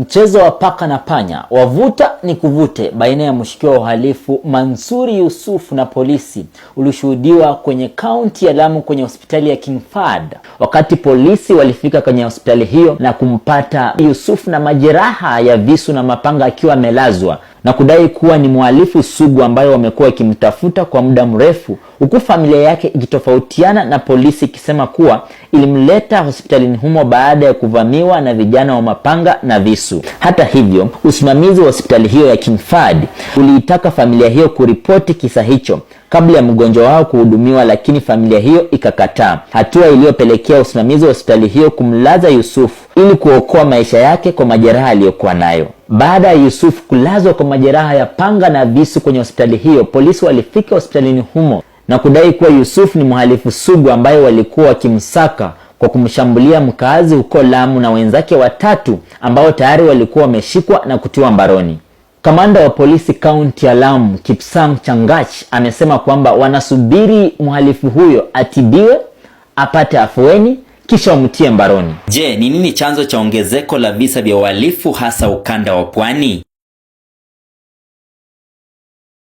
Mchezo wa paka na panya wavuta ni kuvute baina ya mshukiwa wa uhalifu Mansuri Yusufu na polisi ulishuhudiwa kwenye kaunti ya Lamu kwenye hospitali ya King Fahd, wakati polisi walifika kwenye hospitali hiyo na kumpata Yusufu na majeraha ya visu na mapanga akiwa amelazwa na kudai kuwa ni mhalifu sugu ambayo wamekuwa wakimtafuta kwa muda mrefu, huku familia yake ikitofautiana na polisi ikisema kuwa ilimleta hospitalini humo baada ya kuvamiwa na vijana wa mapanga na visu. Hata hivyo, usimamizi wa hospitali hiyo ya King uliitaka familia hiyo kuripoti kisa hicho kabla ya mgonjwa wao kuhudumiwa, lakini familia hiyo ikakataa, hatua iliyopelekea usimamizi wa hospitali hiyo kumlaza Yusufu ili kuokoa maisha yake kwa majeraha aliyokuwa nayo. Baada ya Yusufu kulazwa kwa majeraha ya panga na visu kwenye hospitali hiyo, polisi walifika hospitalini humo na kudai kuwa Yusufu ni mhalifu sugu ambaye walikuwa wakimsaka kwa kumshambulia mkaazi huko Lamu na wenzake watatu ambao tayari walikuwa wameshikwa na kutiwa mbaroni. Kamanda wa polisi kaunti ya Lamu Kipsang Changach amesema kwamba wanasubiri mhalifu huyo atibiwe, apate afueni kisha wamtie mbaroni. Je, ni nini chanzo cha ongezeko la visa vya uhalifu hasa ukanda wa Pwani?